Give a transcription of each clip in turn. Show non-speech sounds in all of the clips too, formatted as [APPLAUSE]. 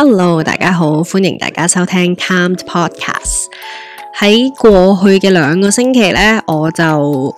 Hello，大家好，歡迎大家收聽 Calmed Podcast。喺過去嘅兩個星期呢，我就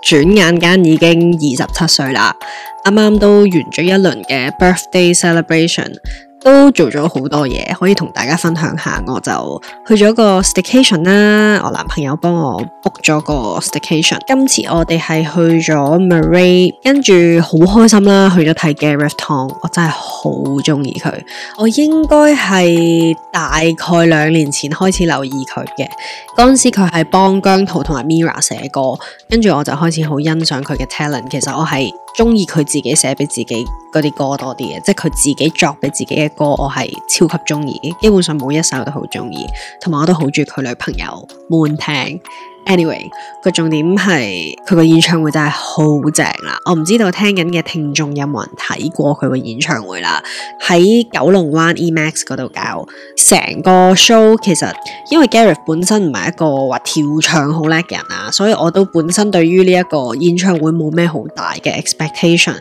轉眼間已經二十七歲啦，啱啱都完咗一輪嘅 Birthday Celebration。都做咗好多嘢，可以同大家分享下。我就去咗個 staycation 啦，我男朋友幫我 book 咗個 staycation。今次我哋係去咗 Marie，跟住好開心啦，去咗睇 Gareth Tong。我真係好中意佢。我應該係大概兩年前開始留意佢嘅，嗰陣時佢係幫姜濤同埋 Mira 寫歌，跟住我就開始好欣賞佢嘅 talent。其實我係鍾意佢自己寫俾自己嗰啲歌多啲嘅，即係佢自己作俾自己嘅歌，我係超級鍾意嘅。基本上每一首我都好鍾意，同埋我都好鍾意佢女朋友滿庭。Anyway，個重點係佢個演唱會真係好正啦！我唔知道聽緊嘅聽眾有冇人睇過佢個演唱會啦，喺九龍灣 EMAX 嗰度搞成個 show。其實因為 Gareth 本身唔係一個話跳唱好叻人啊，所以我都本身對於呢一個演唱會冇咩好大嘅 expectation。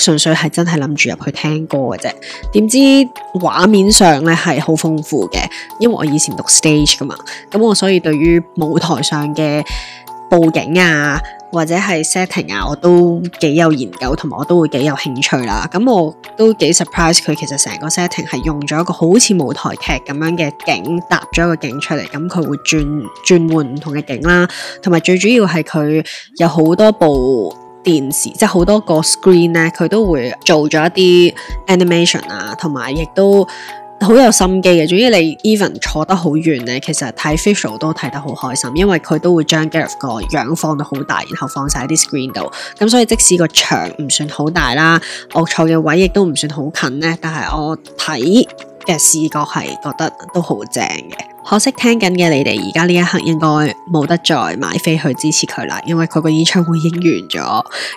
純粹係真係諗住入去聽歌嘅啫，點知畫面上咧係好豐富嘅，因為我以前讀 stage 噶嘛，咁我所以對於舞台上嘅布景啊或者係 setting 啊，我都幾有研究，同埋我都會幾有興趣啦。咁我都幾 surprise 佢其實成個 setting 係用咗一個好似舞台劇咁樣嘅景搭咗一個景出嚟，咁佢會轉轉換唔同嘅景啦，同埋最主要係佢有好多部。電視即係好多個 screen 咧，佢都會做咗一啲 animation 啊，同埋亦都好有心機嘅。總之你 even 坐得好遠咧，其實睇 fiction 都睇得好開心，因為佢都會將 Jeff 個樣放到好大，然後放晒啲 screen 度。咁所以即使個場唔算好大啦，我坐嘅位亦都唔算好近咧，但係我睇嘅視覺係覺得都好正嘅。可惜聽緊嘅你哋而家呢一刻應該冇得再買飛去支持佢啦，因為佢個演唱會已經完咗。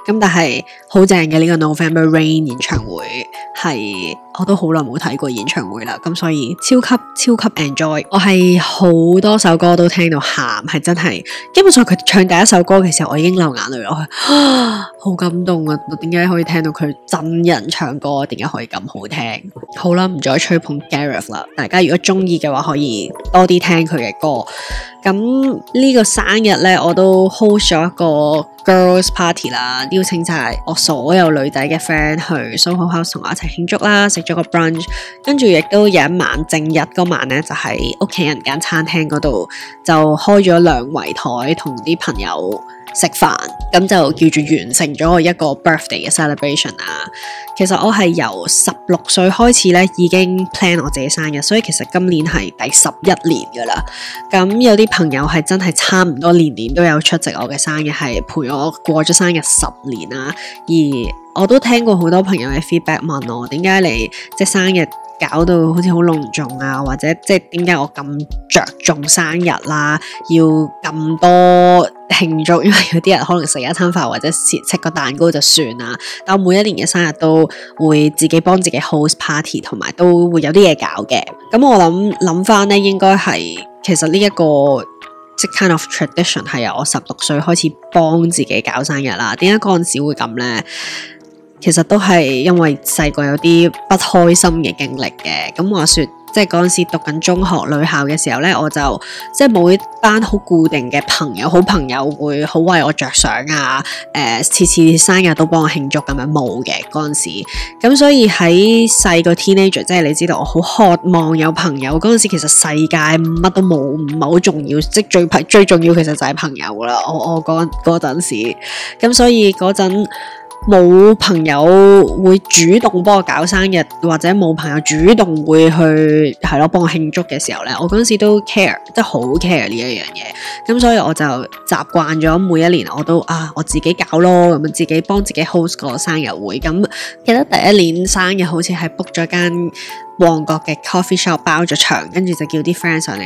咁但係好正嘅呢個 November Rain 演唱會係，我都好耐冇睇過演唱會啦。咁所以超級超級 enjoy，我係好多首歌都聽到喊，係真係基本上佢唱第一首歌嘅時候我已經流眼淚落去，啊，好感動啊！點解可以聽到佢真人唱歌？點解可以咁好聽？好啦，唔再吹捧 Gareth 啦，大家如果中意嘅話可以。多啲聽佢嘅歌，咁呢個生日呢，我都 hold 咗一個 girls party 啦，邀請晒我所有女仔嘅 friend 去 Soho House 同我一齊慶祝啦，食咗個 brunch，跟住亦都有一晚正日嗰晚呢，就喺屋企人間餐廳嗰度就開咗兩圍枱同啲朋友。食飯咁就叫做完成咗我一個 birthday 嘅 celebration 啊。其實我係由十六歲開始咧，已經 plan 我自己生日，所以其實今年係第十一年噶啦。咁有啲朋友係真係差唔多年年都有出席我嘅生日，係陪我過咗生日十年啊！而我都聽過好多朋友嘅 feedback 問我，點解你即係、就是、生日？搞到好似好隆重啊，或者即係點解我咁着重生日啦，啊，要咁多慶祝，因為有啲人可能食一餐飯或者食個蛋糕就算啦。但我每一年嘅生日都會自己幫自己 house party，同埋都會有啲嘢搞嘅。咁我諗諗翻咧，應該係其實呢、這、一個即係 kind of tradition 係由我十六歲開始幫自己搞生日啦，啊。點解嗰陣時會咁咧？其實都係因為細個有啲不開心嘅經歷嘅，咁話說，即係嗰陣時讀緊中學女校嘅時候呢，我就即係冇一班好固定嘅朋友，好朋友會好為我着想啊，誒、呃，次次生日都幫我慶祝咁樣冇嘅嗰陣時，咁所以喺細個 teenager，即係你知道我好渴望有朋友。嗰陣時其實世界乜都冇，唔係好重要，即係最最重要其實就係朋友啦。我我嗰陣時，咁所以陣。冇朋友會主動幫我搞生日，或者冇朋友主動會去係咯幫我慶祝嘅時候呢，我嗰陣時都 care，即係好 care 呢一樣嘢。咁所以我就習慣咗每一年我都啊我自己搞咯，咁自己幫自己 host 個生日會。咁記得第一年生日好似係 book 咗間旺角嘅 coffee shop 包咗場，跟住就叫啲 friend 上嚟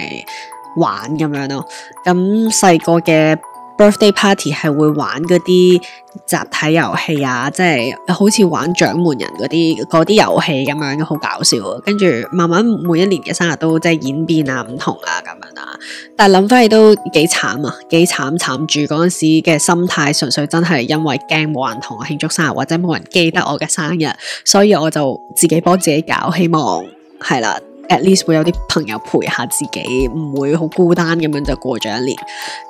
玩咁樣咯。咁細個嘅。Birthday party 係會玩嗰啲集體遊戲啊，即係好似玩掌門人嗰啲嗰啲遊戲咁樣，好搞笑啊！跟住慢慢每一年嘅生日都即係演變啊，唔同啊咁樣啊。但係諗翻起都幾慘啊，幾慘慘，慘住嗰陣時嘅心態，純粹真係因為驚冇人同我慶祝生日，或者冇人記得我嘅生日，所以我就自己幫自己搞，希望係啦。at least 會有啲朋友陪下自己，唔會好孤單咁樣就過咗一年。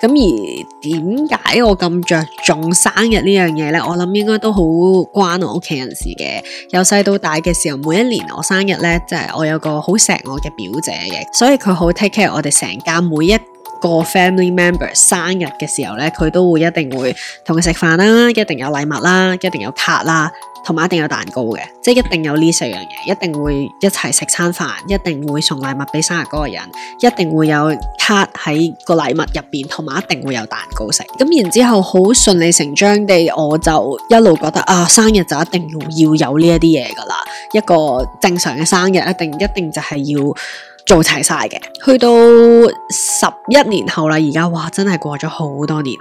咁而點解我咁着重生日這件事呢樣嘢咧？我諗應該都好關我屋企人事嘅。由細到大嘅時候，每一年我生日咧，即係我有個好錫我嘅表姐嘅，所以佢好 take care 我哋成家每一個 family member 生日嘅時候呢，佢都會一定會同佢食飯啦，一定有禮物啦，一定有卡啦，同埋一定有蛋糕嘅，即係一定有呢四樣嘢，一定會一齊食餐飯，一定會送禮物俾生日嗰個人，一定會有卡喺個禮物入邊，同埋一定會有蛋糕食。咁然之後，好順理成章地，我就一路覺得啊，生日就一定要有呢一啲嘢噶啦，一個正常嘅生日，一定一定就係要。做齊晒嘅，去到十一年後啦，而家哇，真係過咗好多年。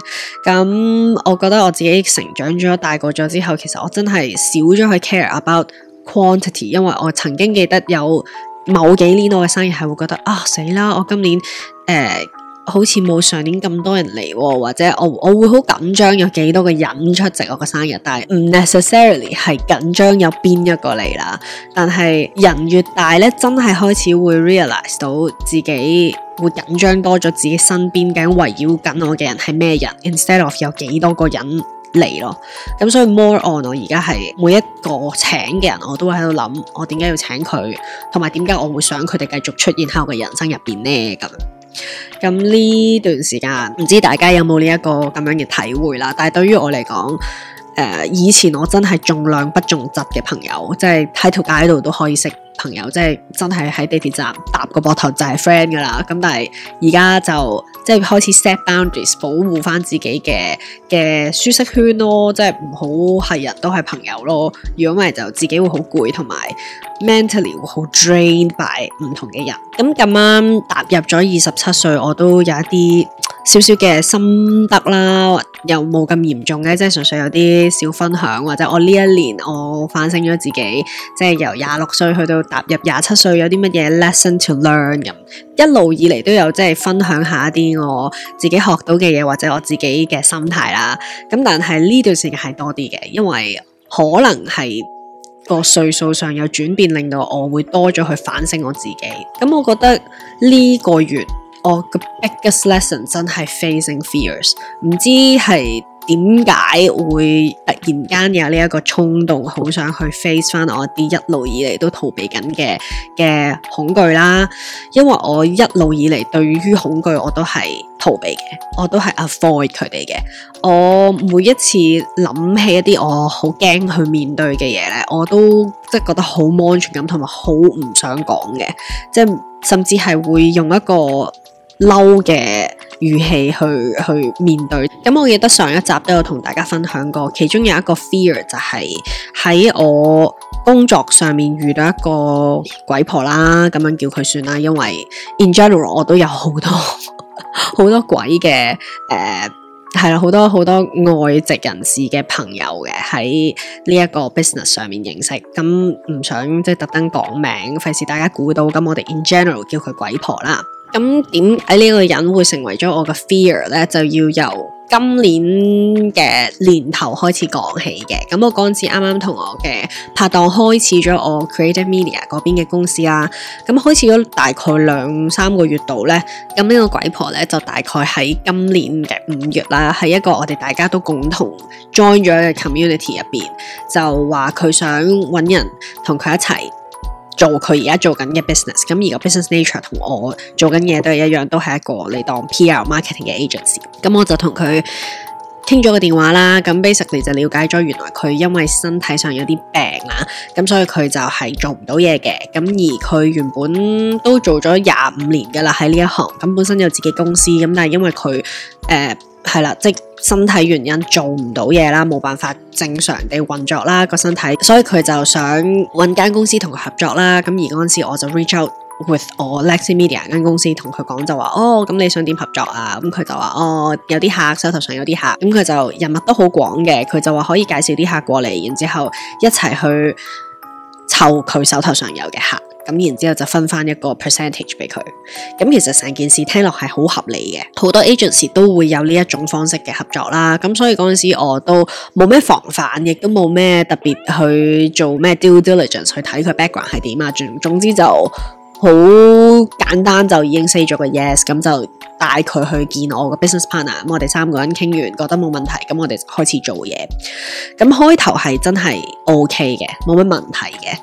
咁、嗯、我覺得我自己成長咗、大個咗之後，其實我真係少咗去 care about quantity，因為我曾經記得有某幾年我嘅生意係會覺得啊，死啦，我今年誒。呃好似冇上年咁多人嚟，或者我我會好緊張有幾多個人出席我個生日，但係唔 necessarily 係緊張有邊一個嚟啦。但係人越大咧，真係開始會 realize 到自己會緊張多咗，自己身邊緊圍繞緊我嘅人係咩人，instead of 有幾多個人嚟咯。咁所以 more on 我而家係每一個請嘅人，我都會喺度諗，我點解要請佢，同埋點解我會想佢哋繼續出現喺我嘅人生入邊呢？咁。咁呢段時間唔知大家有冇呢一個咁樣嘅體會啦，但係對於我嚟講，誒、呃、以前我真係重量不重質嘅朋友，即係喺條街度都可以識朋友，即係真係喺地鐵站搭個膊頭就係 friend 噶啦。咁但係而家就即係開始 set boundaries，保護翻自己嘅嘅舒適圈咯，即係唔好係人都係朋友咯，如果唔係就自己會好攰同埋。mentally 會好 drained by 唔同嘅人，咁咁啱踏入咗二十七歲，我都有一啲少少嘅心得啦，又冇咁嚴重嘅，即係純粹有啲小分享，或者我呢一年我反省咗自己，即係由廿六歲去到踏入廿七歲，有啲乜嘢 lesson to learn 咁，一路以嚟都有即係分享一下一啲我自己學到嘅嘢，或者我自己嘅心態啦。咁但係呢段時間係多啲嘅，因為可能係。個歲數上有轉變，令到我會多咗去反省我自己。咁、嗯、我覺得呢、這個月我個 biggest lesson 真係 facing fears，唔知係。點解會突然間有呢一個衝動，好想去 face 返我啲一路以嚟都逃避緊嘅嘅恐懼啦？因為我一路以嚟對於恐懼我都係逃避嘅，我都係 avoid 佢哋嘅。我每一次諗起一啲我好驚去面對嘅嘢咧，我都即係覺得好冇安全感，同埋好唔想講嘅，即係甚至係會用一個嬲嘅語氣去去面對，咁我記得上一集都有同大家分享過，其中有一個 fear 就係喺我工作上面遇到一個鬼婆啦，咁樣叫佢算啦，因為 in general 我都有好多好 [LAUGHS] 多鬼嘅，誒係啦，好多好多外籍人士嘅朋友嘅喺呢一個 business 上面認識，咁唔想即係特登講名，費事大家估到，咁我哋 in general 叫佢鬼婆啦。咁點解呢個人會成為咗我嘅 fear 呢？就要由今年嘅年頭開始講起嘅。咁我嗰陣時啱啱同我嘅拍檔開始咗我 Creative Media 嗰邊嘅公司啦，啊。咁開始咗大概兩三個月度咧。咁呢個鬼婆咧就大概喺今年嘅五月啦，喺一個我哋大家都共同 join 咗嘅 community 入面，就話佢想揾人同佢一齊。做佢而家做緊嘅 business，咁而個 business nature 同我做緊嘢都係一樣，都係一個你當 PR marketing 嘅 agency。咁我就同佢傾咗個電話啦。咁 basically 就了解咗，原來佢因為身體上有啲病啦，咁所以佢就係做唔到嘢嘅。咁而佢原本都做咗廿五年㗎喇喺呢一行，咁本身有自己公司，咁但係因為佢誒。呃係啦，即身體原因做唔到嘢啦，冇辦法正常地運作啦個身體，所以佢就想揾間公司同佢合作啦。咁而嗰陣時我就 reach out with 我 Lexe Media 間公司同佢講就話哦，咁你想點合作啊？咁、嗯、佢就話哦，有啲客手頭上有啲客，咁、嗯、佢就人脈都好廣嘅，佢就話可以介紹啲客過嚟，然之後一齊去湊佢手頭上有嘅客。咁然之後就分翻一個 percentage 俾佢，咁其實成件事聽落係好合理嘅，好多 agents 都會有呢一種方式嘅合作啦，咁所以嗰陣時我都冇咩防範，亦都冇咩特別去做咩 due diligence 去睇佢 background 係點啊，總之就好簡單就已經 say 咗個 yes 咁就。帶佢去見我個 business partner，咁我哋三個人傾完，覺得冇問題，咁我哋開始做嘢。咁開頭係真係 OK 嘅，冇乜問題嘅。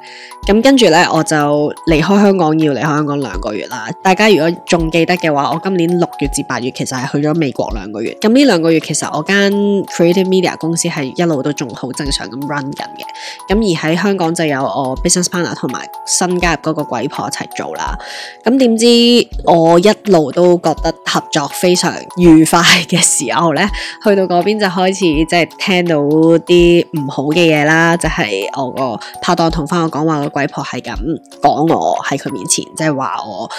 咁跟住呢，我就離開香港，要離開香港兩個月啦。大家如果仲記得嘅話，我今年六月至八月其實係去咗美國兩個月。咁呢兩個月其實我間 creative media 公司係一路都仲好正常咁 run 緊嘅。咁而喺香港就有我 business partner 同埋新加入嗰個鬼婆一齊做啦。咁點知我一路都覺得合作非常愉快嘅時候呢，去到嗰邊就開始即係聽到啲唔好嘅嘢啦，就係、是、我個拍檔同翻我講話個鬼婆係咁講我喺佢面前，即係話我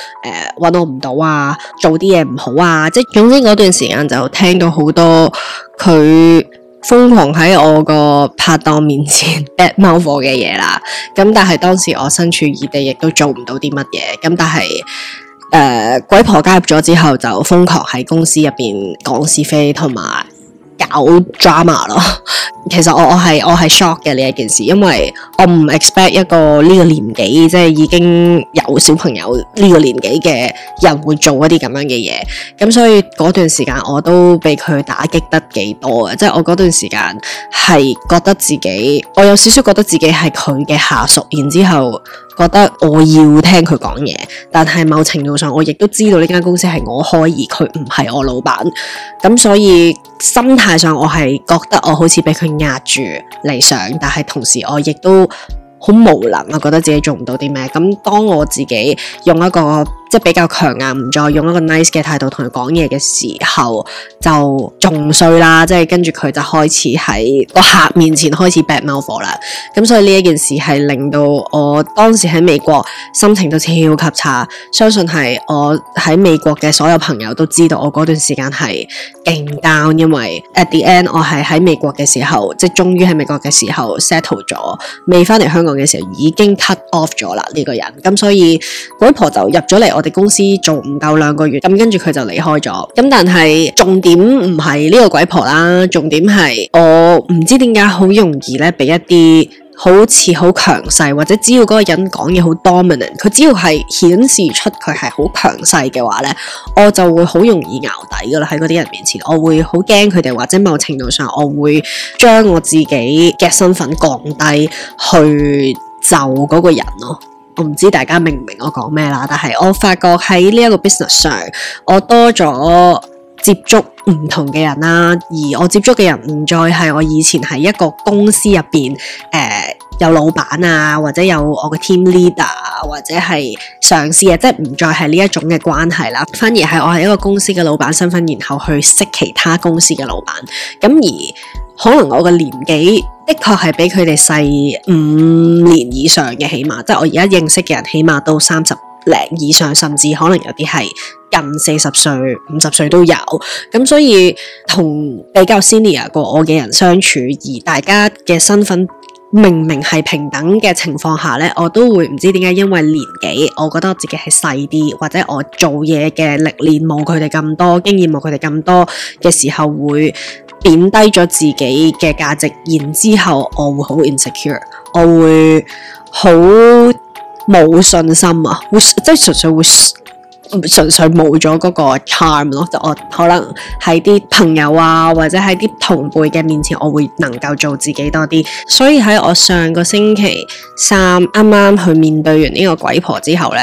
誒搵我唔到啊，做啲嘢唔好啊，即係總之嗰段時間就聽到好多佢瘋狂喺我個拍檔面前 bad mouth 我嘅嘢啦。咁但係當時我身處異地，亦都做唔到啲乜嘢。咁但係。誒，uh, 鬼婆加入咗之後就瘋狂喺公司入邊講是非同埋搞 drama 咯。其實我我係我係 shock 嘅呢一件事，因為我唔 expect 一個呢個年紀即係已經有小朋友呢個年紀嘅人會做一啲咁樣嘅嘢。咁所以嗰段時間我都俾佢打擊得幾多啊！即係我嗰段時間係覺得自己我有少少覺得自己係佢嘅下屬，然之後。覺得我要聽佢講嘢，但係某程度上我亦都知道呢間公司係我開而佢唔係我老闆，咁所以心態上我係覺得我好似俾佢壓住嚟想，但係同時我亦都好無能，我覺得自己做唔到啲咩，咁當我自己用一個。即係比較強硬，唔再用一個 nice 嘅態度同佢講嘢嘅時候，就仲衰啦。即係跟住佢就開始喺個客面前開始 bad mouth 啦。咁所以呢一件事係令到我當時喺美國心情都超級差。相信係我喺美國嘅所有朋友都知道，我嗰段時間係勁 down。因為 at the end，我係喺美國嘅時候，即係終於喺美國嘅時候 settle 咗，未翻嚟香港嘅時候已經 cut off 咗啦呢個人。咁所以外婆就入咗嚟我我哋公司做唔夠兩個月，咁跟住佢就離開咗。咁但係重點唔係呢個鬼婆啦，重點係我唔知點解好容易咧，俾一啲好似好強勢或者只要嗰個人講嘢好 dominant，佢只要係顯示出佢係好強勢嘅話咧，我就會好容易淆底噶啦。喺嗰啲人面前，我會好驚佢哋，或者某程度上，我會將我自己嘅身份降低去就嗰個人咯。我唔知大家明唔明我講咩啦，但係我發覺喺呢一個 business 上，我多咗接觸唔同嘅人啦，而我接觸嘅人唔再係我以前喺一個公司入邊，誒、呃、有老闆啊，或者有我嘅 team leader 或者係上司啊，即係唔再係呢一種嘅關係啦，反而係我係一個公司嘅老闆身份，然後去識其他公司嘅老闆，咁而。可能我個年紀的確係比佢哋細五年以上嘅，起碼即係我而家認識嘅人，起碼都三十零以上，甚至可能有啲係近四十歲、五十歲都有。咁所以同比較 senior 過我嘅人相處，而大家嘅身份。明明係平等嘅情況下呢，我都會唔知點解，因為年紀，我覺得我自己係細啲，或者我做嘢嘅歷練冇佢哋咁多，經驗冇佢哋咁多嘅時候，會貶低咗自己嘅價值，然之後我會好 insecure，我會好冇信心啊，會即係純粹會。純粹冇咗嗰個 charm 咯，就我可能喺啲朋友啊，或者喺啲同輩嘅面前，我會能夠做自己多啲。所以喺我上個星期三啱啱去面對完呢個鬼婆之後呢，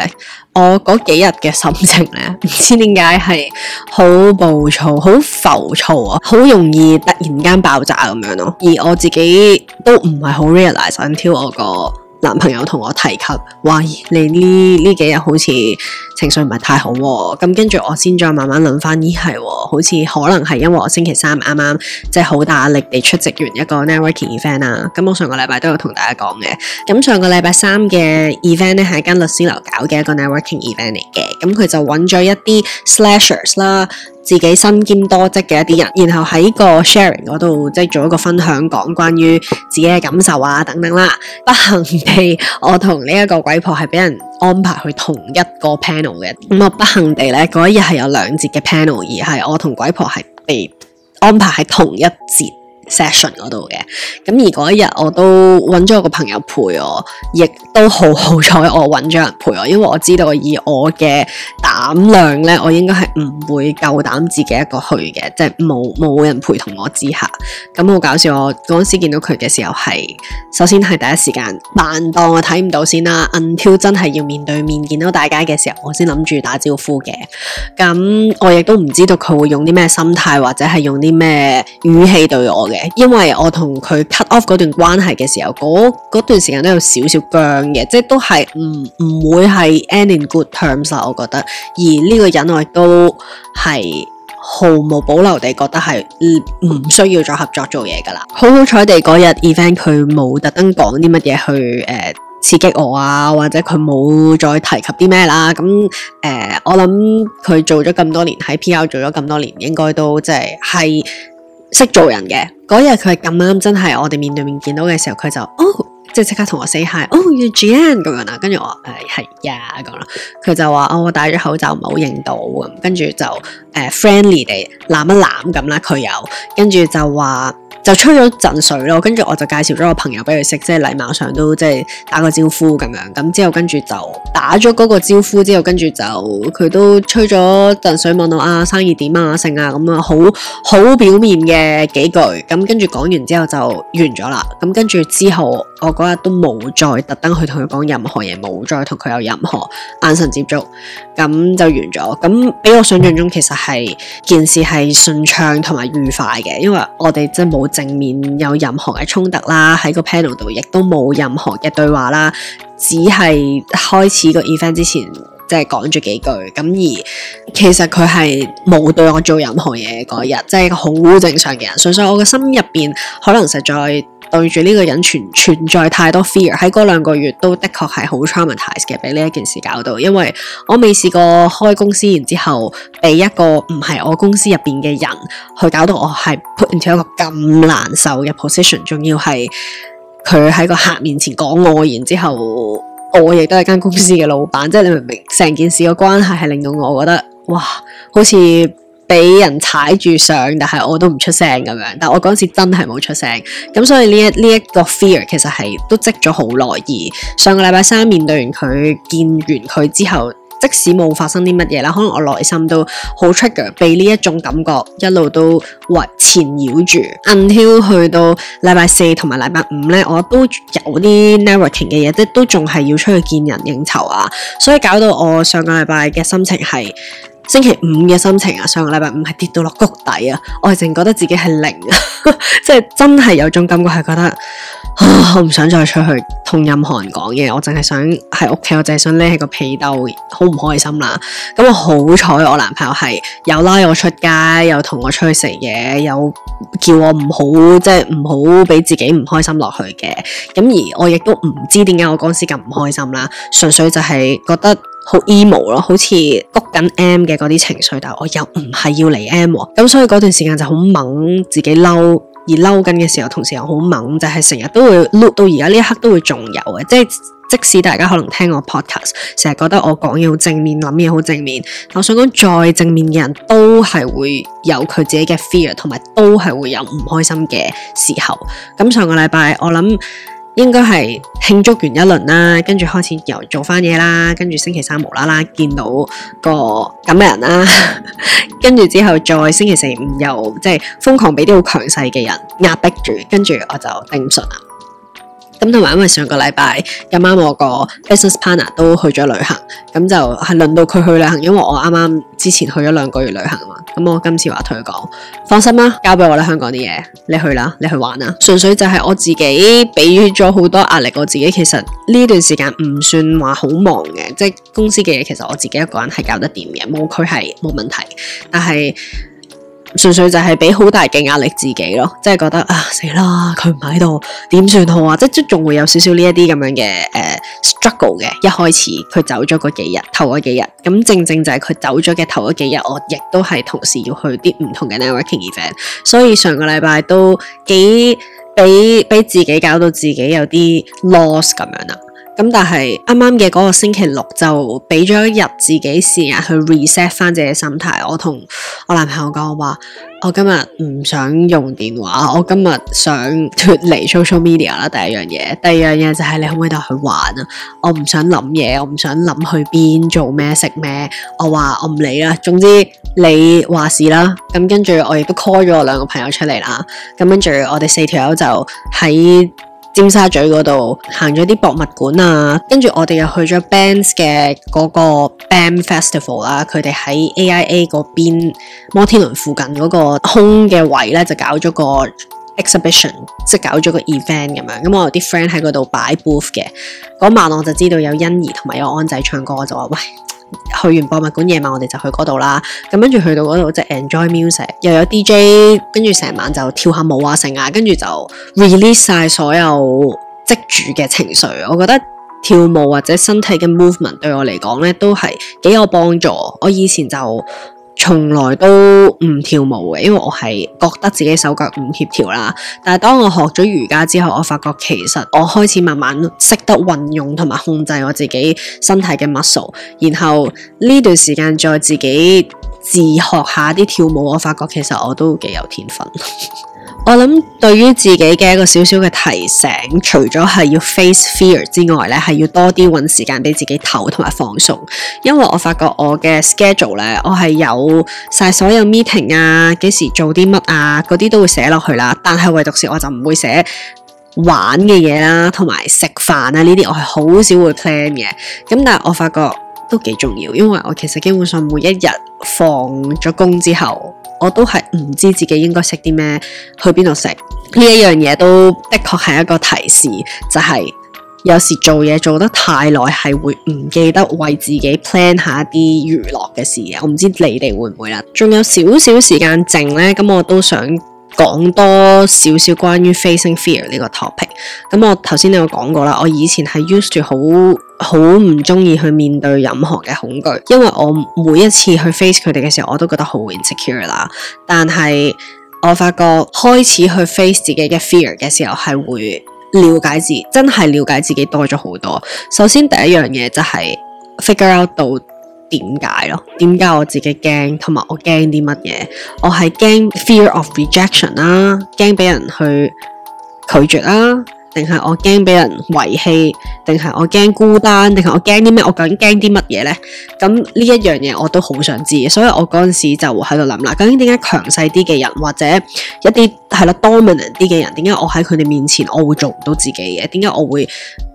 我嗰幾日嘅心情呢，唔知點解係好暴躁、好浮躁啊，好容易突然間爆炸咁樣咯。而我自己都唔係好 realise，until 我個男朋友同我提及，哇！你呢呢幾日好似～情緒唔係太好，咁跟住我先再慢慢諗翻呢係，好似可能係因為我星期三啱啱即係好大壓力地出席完一個 networking event 啦。咁我上個禮拜都有同大家講嘅，咁上個禮拜三嘅 event 咧係間律師樓搞嘅一個 networking event 嚟嘅。咁佢就揾咗一啲 slashers 啦，自己身兼多職嘅一啲人，然後喺個 sharing 度即係、就是、做一個分享，講關於自己嘅感受啊等等啦。不幸地，我同呢一個鬼婆係俾人。安排去同一個 panel 嘅。咁我不幸地呢，嗰一日係有兩節嘅 panel，而係我同鬼婆係被安排喺同一節。Session 嗰度嘅，咁而嗰一日我都揾咗個朋友陪我，亦都好好彩，我揾咗人陪我，因為我知道以我嘅膽量咧，我應該係唔會夠膽自己一個去嘅，即係冇冇人陪同我之下。咁好搞笑，我嗰陣時見到佢嘅時候係，首先係第一時間扮當我睇唔到先啦，until 真係要面對面見到大家嘅時候，我先諗住打招呼嘅。咁我亦都唔知道佢會用啲咩心態或者係用啲咩語氣對我。因為我同佢 cut off 嗰段關係嘅時候，嗰段時間都有少少僵嘅，即係都係唔唔會係 any good terms 我覺得。而呢個人我亦都係毫無保留地覺得係唔需要再合作做嘢噶啦。 [LAUGHS] 好好彩地嗰日 event 佢冇特登講啲乜嘢去誒、呃、刺激我啊，或者佢冇再提及啲咩啦。咁誒、呃，我諗佢做咗咁多年喺 PR 做咗咁多年，應該都即係係。識做人嘅嗰日佢係咁啱真係我哋面對面見到嘅時候佢就哦、oh、即係即刻同我 say hi 哦 Gianne 咁樣啦跟住我誒係呀咁佢就話哦、oh, 我戴咗口罩唔好認到咁跟住就。誒、uh, friendly 地攬一攬咁啦，佢又跟住就話就吹咗陣水咯，跟住我就介紹咗個朋友俾佢識，即係禮貌上都即係打個招呼咁樣。咁之後跟住就打咗嗰個招呼之後，跟住就佢都吹咗陣水問我啊生意點啊盛啊咁啊，好好、啊、表面嘅幾句。咁跟住講完之後就完咗啦。咁跟住之後，我嗰日都冇再特登去同佢講任何嘢，冇再同佢有任何眼神接觸。咁就完咗，咁俾我想象中，其實係件事係順暢同埋愉快嘅，因為我哋真係冇正面有任何嘅衝突啦，喺個 panel 度亦都冇任何嘅對話啦，只係開始個 event 之前。即係講住幾句，咁而其實佢係冇對我做任何嘢嗰日，即係一個好正常嘅人。所以，我嘅心入邊可能實在對住呢個人存存在太多 fear。喺嗰兩個月都的確係好 traumatized 嘅，俾呢一件事搞到。因為我未試過開公司，然之後俾一個唔係我公司入邊嘅人去搞到我係 put into 一個咁難受嘅 position，仲要係佢喺個客面前講我，然之後。我亦都係間公司嘅老闆，即係你明唔明成件事嘅關係係令到我覺得，哇，好似俾人踩住上，但係我都唔出聲咁樣。但我嗰陣時真係冇出聲，咁所以呢一呢一個 fear 其實係都積咗好耐。而上個禮拜三面對完佢，見完佢之後。即使冇發生啲乜嘢啦，可能我內心都好 trigger，被呢一種感覺一路都圍纏繞住。until 去到禮拜四同埋禮拜五呢，我都有啲 networking 嘅嘢，即都仲係要出去見人應酬啊，所以搞到我上個禮拜嘅心情係。星期五嘅心情啊，上個禮拜五係跌到落谷底啊，我係淨覺得自己係零啊，即 [LAUGHS] 係真係有種感覺係覺得，啊，我唔想再出去同任何人講嘢，我淨係想喺屋企，我淨係想匿喺個被竇，好唔開心啦。咁我好彩，我男朋友係有拉我出街，又同我出去食嘢，有叫我唔好即係唔好俾自己唔開心落去嘅。咁而我亦都唔知點解我嗰時咁唔開心啦，純粹就係覺得。好 emo 咯，好似谷緊 M 嘅嗰啲情緒，但係我又唔係要嚟 M 咁，所以嗰段時間就好猛自己嬲，而嬲緊嘅時候，同時又好猛，就係成日都會碌到而家呢一刻都會仲有嘅，即係即使大家可能聽我 podcast，成日覺得我講嘢好正面，諗嘢好正面，但我想講再正面嘅人都係會有佢自己嘅 fear，同埋都係會有唔開心嘅時候。咁上個禮拜我諗。應該係慶祝完一輪啦，跟住開始又做翻嘢啦，跟住星期三無啦啦見到個咁嘅人啦，跟住之後再星期四、五，又即係瘋狂俾啲好強勢嘅人壓迫住，跟住我就頂唔順啦。咁同埋，因為上個禮拜咁啱晚我個 business partner 都去咗旅行，咁就係輪到佢去旅行。因為我啱啱之前去咗兩個月旅行嘛，咁我今次話同佢講，放心啦，交俾我啦，香港啲嘢你去啦，你去玩啦。純粹就係我自己俾咗好多壓力。我自己其實呢段時間唔算話好忙嘅，即係公司嘅嘢，其實我自己一個人係搞得掂嘅，冇佢係冇問題，但係。純粹就係俾好大嘅壓力自己咯，即係覺得啊死啦，佢唔喺度點算好啊！即即仲會有少少呢一啲咁樣嘅誒、呃、struggle 嘅。一開始佢走咗嗰幾日，頭嗰幾日，咁正正就係佢走咗嘅頭嗰幾日，我亦都係同時要去啲唔同嘅 networking event，所以上個禮拜都幾俾俾自己搞到自己有啲 loss 咁樣啦。咁但係啱啱嘅嗰個星期六就俾咗一日自己時間去 reset 翻自己的心態。我同我男朋友講，我話，我今日唔想用電話，我今日想脫離 social media 啦。第一樣嘢，第二樣嘢就係你可唔可以帶我去玩啊？我唔想諗嘢，我唔想諗去邊做咩食咩。我話我唔理啦，總之你話事啦。咁跟住我亦都 call 咗我兩個朋友出嚟啦。咁跟住我哋四條友就喺尖沙咀嗰度行咗啲博物館啊，跟住我哋又去咗 Bands 嘅嗰個 Band Festival 啦，佢哋喺 AIA 嗰邊摩天輪附近嗰個空嘅位咧，就搞咗個 exhibition，即係搞咗個 event 咁樣。咁、嗯、我有啲 friend 喺嗰度擺 booth 嘅嗰晚，我就知道有欣兒同埋有安仔唱歌，我就話喂，去完博物館，夜晚我哋就去嗰度啦，咁跟住去到嗰度就 enjoy music，又有 DJ，跟住成晚就跳下舞啊成啊，跟住就 release 晒所有積住嘅情緒。我覺得跳舞或者身體嘅 movement 對我嚟講咧都係幾有幫助。我以前就。從來都唔跳舞嘅，因為我係覺得自己手腳唔協調啦。但係當我學咗瑜伽之後，我發覺其實我開始慢慢識得運用同埋控制我自己身體嘅 muscle。然後呢段時間再自己自學下啲跳舞，我發覺其實我都幾有天分。 [LAUGHS] 我諗對於自己嘅一個少少嘅提醒，除咗係要 face fear 之外呢，係要多啲搵時間俾自己唞同埋放鬆。因為我發覺我嘅 schedule 咧，我係有晒所有 meeting 啊，幾時做啲乜啊，嗰啲都會寫落去啦。但係唯獨是我就唔會寫玩嘅嘢啦，同埋食飯啊呢啲，這些我係好少會 plan 嘅。咁但係我發覺都幾重要，因為我其實基本上每一日放咗工之後。我都係唔知自己應該食啲咩，去邊度食。呢一樣嘢都的確係一個提示，就係有時做嘢做得太耐係會唔記得為自己 plan 下啲娛樂嘅事。我唔知你哋會唔會啦。仲有少少時間剩呢，咁我都想。講多少少關於 facing fear 呢個 topic，咁我頭先都有講過啦，我以前係 used 住好好唔中意去面對任何嘅恐懼，因為我每一次去 face 佢哋嘅時候，我都覺得好 insecure 啦。但係我發覺開始去 face 自己嘅 fear 嘅時候，係會了解自真係了解自己多咗好多。首先第一樣嘢就係 figure out 到，點解咯？點解我自己驚，同埋我驚啲乜嘢？我係驚 fear of rejection 啦、啊，驚俾人去拒絕啊，定係我驚俾人遺棄，定係我驚孤單，定係我驚啲咩？我究竟驚啲乜嘢呢？咁呢一樣嘢我都好想知，所以我嗰陣時就喺度諗啦。究竟點解強勢啲嘅人，或者一啲係啦 dominant 啲嘅人，點解我喺佢哋面前，我會做唔到自己嘅？點解我會？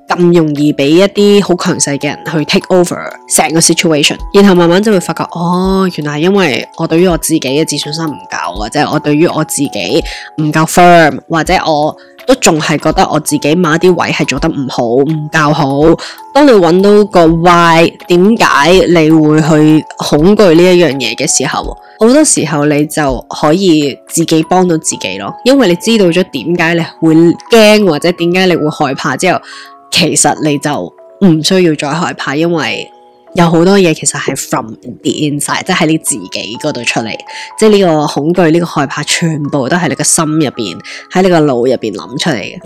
咁容易俾一啲好強勢嘅人去 take over 成個 situation，然後慢慢就會發覺，哦，原來係因為我對於我自己嘅自信心唔夠啊，或者我對於我自己唔夠 firm，或者我都仲係覺得我自己某一啲位係做得唔好，唔夠好。當你揾到個 why，點解你會去恐懼呢一樣嘢嘅時候，好多時候你就可以自己幫到自己咯，因為你知道咗點解你會驚，或者點解你會害怕之後。其實你就唔需要再害怕，因為有好多嘢其實係 from the inside，即係喺你自己嗰度出嚟，即係呢個恐懼、呢個害怕，全部都係你嘅心入邊，喺你個腦入邊諗出嚟嘅。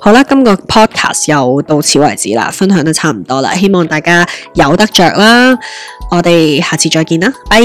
好啦，今個 podcast 又到此為止啦，分享得差唔多啦，希望大家有得着啦，我哋下次再見啦，拜。